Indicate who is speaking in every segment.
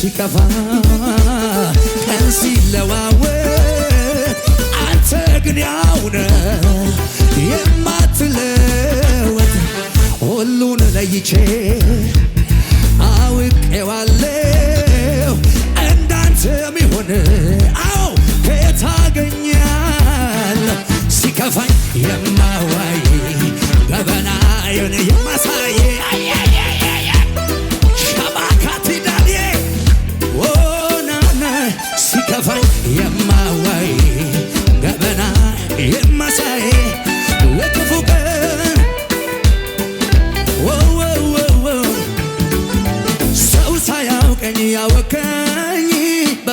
Speaker 1: ሲከፋ ቀን ሲለዋወጥ አንተ ግን ያው የማትለወጥ ሁሉን ለይቼ አውቄዋለሁ እንዳንተ የሚሆን አዎ ከየት አገኛለሁ ሲከፋኝ የማዋይ ገበናዬን የማሳየ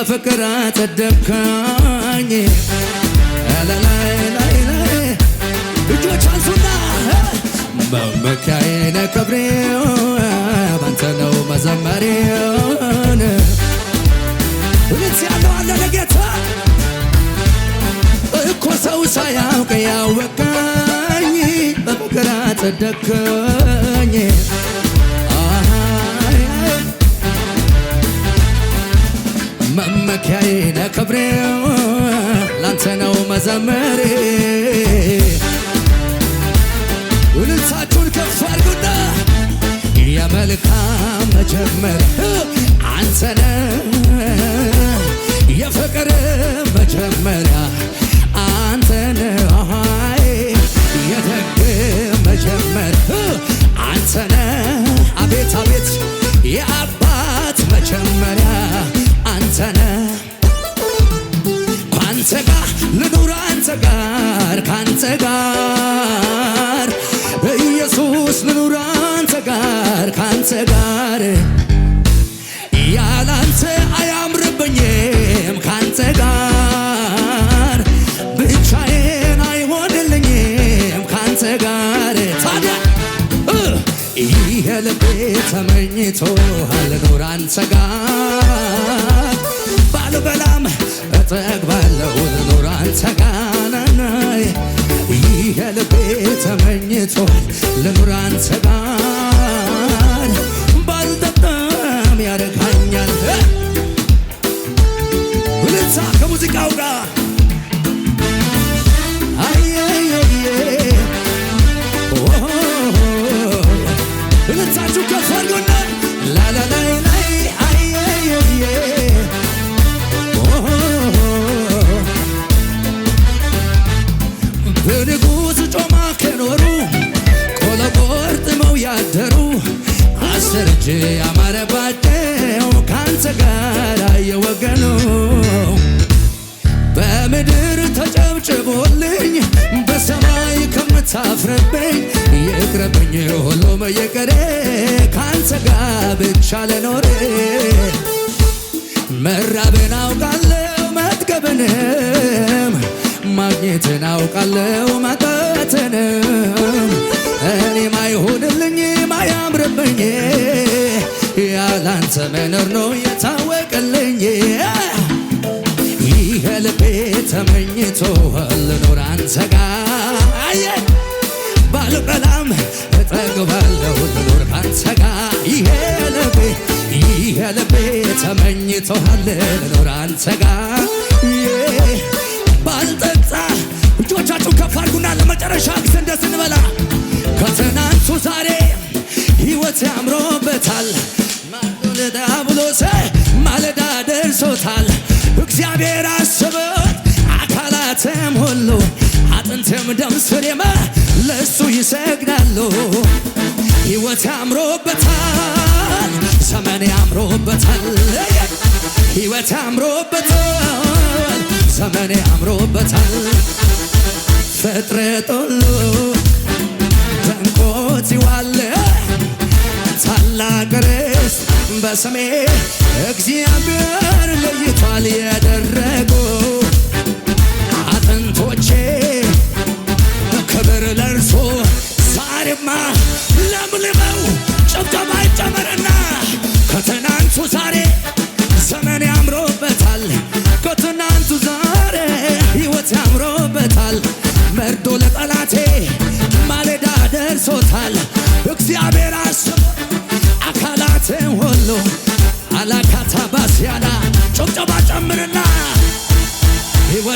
Speaker 1: በፍቅር አጸደብካኝ እጆች አንሱና ክብሬው ባንተ ነው ለጌታ እኮ ሰው ሳያውቅ በፍቅር መመኪያዬ ነህ ክብሬ ላንተ ነው መዘመሬ። ውልልታችሁን ከፍ አድርጉና የመልካም መጀመሪያ አንተ ነህ የፍቅር መጀመሪያ ጋር ያላንተ አያምርብኝም ካንተ ጋር ብቻዬን አይሆንልኝም ካንተ ጋር ታዲያ ይሄ ልቤ ተመኝቶ አልኖር አንተ ጋር ባሉ በላም እጠግባለሁ ልኖር አንተ ጋር ይህ ልቤ ተመኝቶ ልኖር አንተ ጋር ይቅርብኝ ይቅርብኝ ሁሉም ይቅር ካንተ ጋር ብቻ ለኖር መራብን አውቃለሁ መጥገብንም ማግኘትን አውቃለው ማጣትንም እኔም አይሆንልኝም አያምርብኝ ያላንተ መኖር ነው የታወቀልኝ ይህ ልቤ ተመኝቶ ልኖር አንተ ጋር ተመኝተዋል ልኖር አንተ ጋር ባልጠጣ እጆቻችሁ ከፍ አድርጉና ለመጨረሻ ጊዜ እንደዚህ እንበላ ከትናንቱ ዛሬ ሕይወት ያምሮበታል ማለዳ ብሎ ማለዳ ደርሶታል እግዚአብሔር አስበ አካላትም ሁሉ አጥንትም ደም ስሬመ ለእሱ ይሰግዳሉ ሕይወት ያምሮበታል ዘመኔ አምሮበታል ህይወት አምሮበታል። ዘመኔ ያምሮበታል ፍጥረት ሁሉ ደምቆት ይዋል ታላቅ ርስት በስሜ እግዚአብሔር ለይቷል ያደረጉ አጥንቶቼ ክብር ለእርሱ ዛሬማ ለምልመው ጭብጨባ ይጨመርና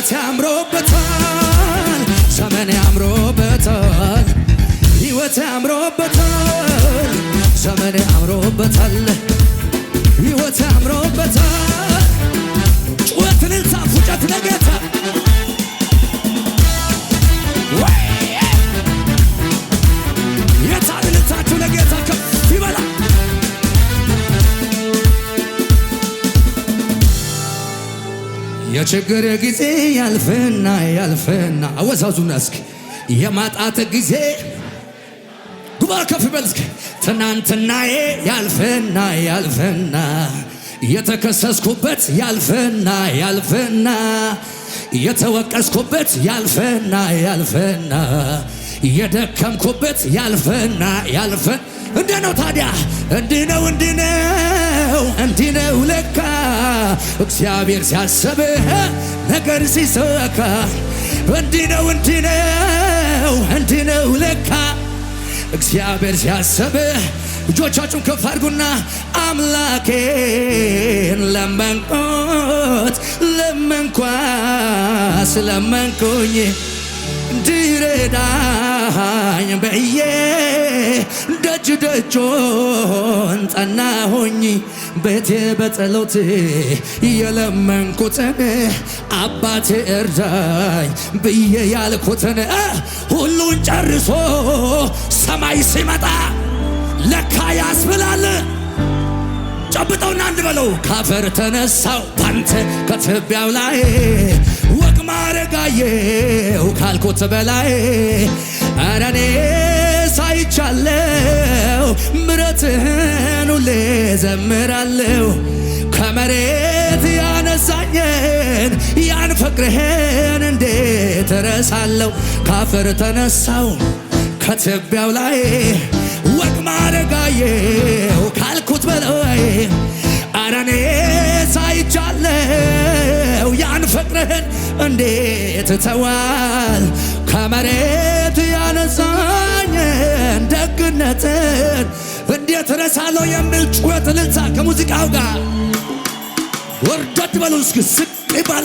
Speaker 1: አባቴ አምሮበታል፣ ዘመኔ አምሮበታል፣ ሕይወቴ አምሮበታል፣ ዘመኔ አምሮበታል፣ ሕይወቴ አምሮበታል የችግር ጊዜ ያልፍና ያልፍና አወዛዙና እስኪ የማጣት ጊዜ ጉባር ከፍ በል እስኪ ትናንትናዬ ያልፍና ያልፍና የተከሰስኩበት ያልፍና ያልፍና የተወቀስኩበት ያልፍና ያልፍና የደከምኩበት ያልፍና ያልፍና እንዲህ ነው ታዲያ እንዲህ ነው እንዲህ ነው እንዲህ ነው ለካ እግዚአብሔር ሲያስብህ ነገር ሲሰካ እንዲህ ነው እንዲህ ነው እንዲህ ነው ለካ እግዚአብሔር ሲያስብህ እጆቻችሁን ከፍ አድርጉና አምላኬን ለመንኩት ለመንኳስ ለመንኩኝ እንዲረዳኝ በእዬ ደጅ ደጆን ጸና ሆኝ ቤቴ በጸሎት የለመንኩትን አባቴ እርዳኝ ብዬ ያልኩትን ሁሉን ጨርሶ ሰማይ ሲመጣ ለካ ያስብላል። ጨብጠውና አንድ በለው ካፈር ተነሳው ባንተ ከትቢያው ላይ ማረጋየው ካልኩት በላይ እረ አረኔ ሳይቻለው ምረትህን ሁሌ ዘምራለሁ ከመሬት ያነሳኝን ያን ፍቅርህን እንዴት ረሳለሁ? ካፈር ተነሳው ከትቢያው ላይ ወግ ማረጋየው ካልኩት በላይ ፍቅርህን እንዴት ተዋል ከመሬት ያነሳኝን ደግነትን እንዴት ረሳለሁ የሚል ጩኸት ልልታ ከሙዚቃው ጋር ወርደት በሉ እስኪ ስቅ ባለ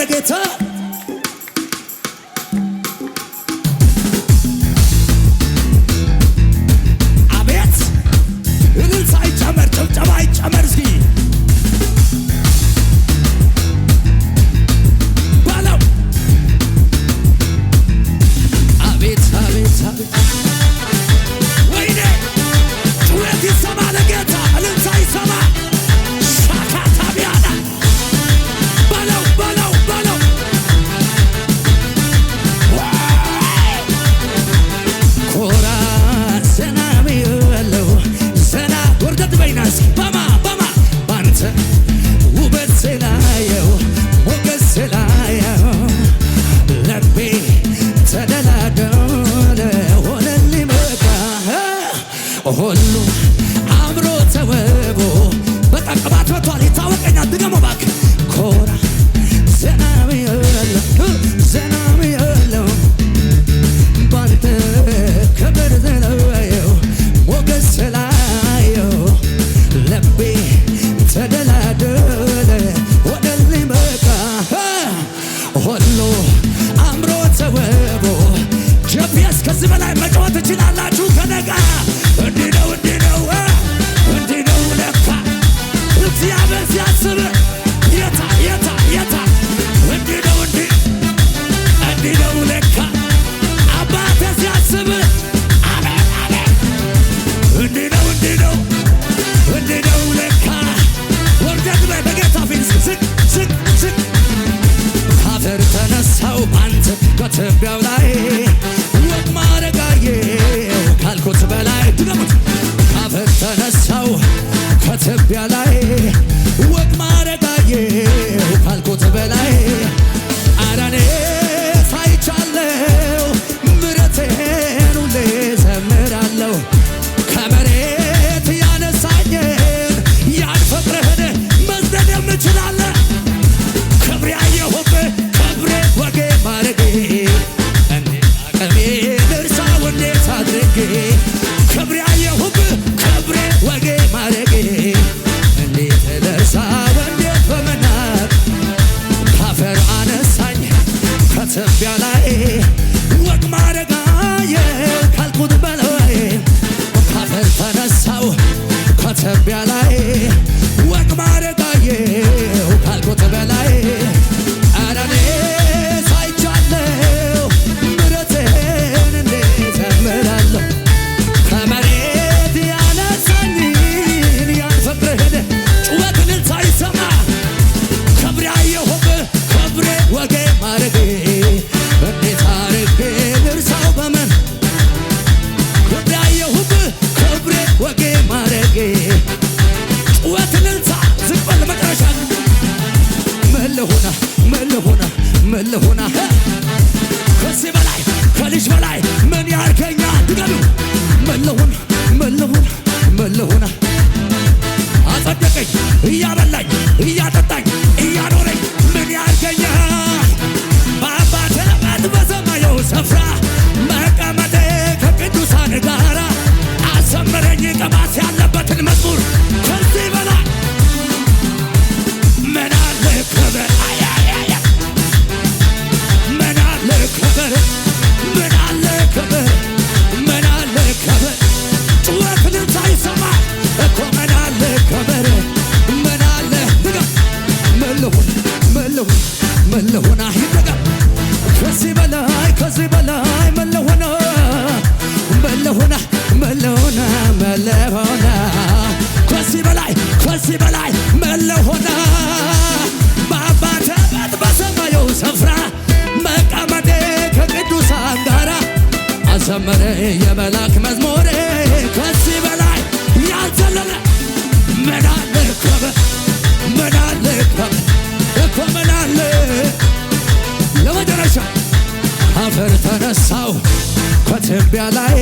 Speaker 1: መለሆና መለሆና መለሆና ከዚህ በላይ ከልጅ በላይ ምን ያርከኛ ድገሉ መለሆና መለሆና መለሆና አጸደቀኝ እያበላኝ እያጠጣኝ እያ ጨመረ የመላክ መዝሙር ከዚህ በላይ ያልዘለለ ምናለ ምናለ እኮ ምናለ ለመጨረሻ አፈር ተነሳው ከትቢያ ላይ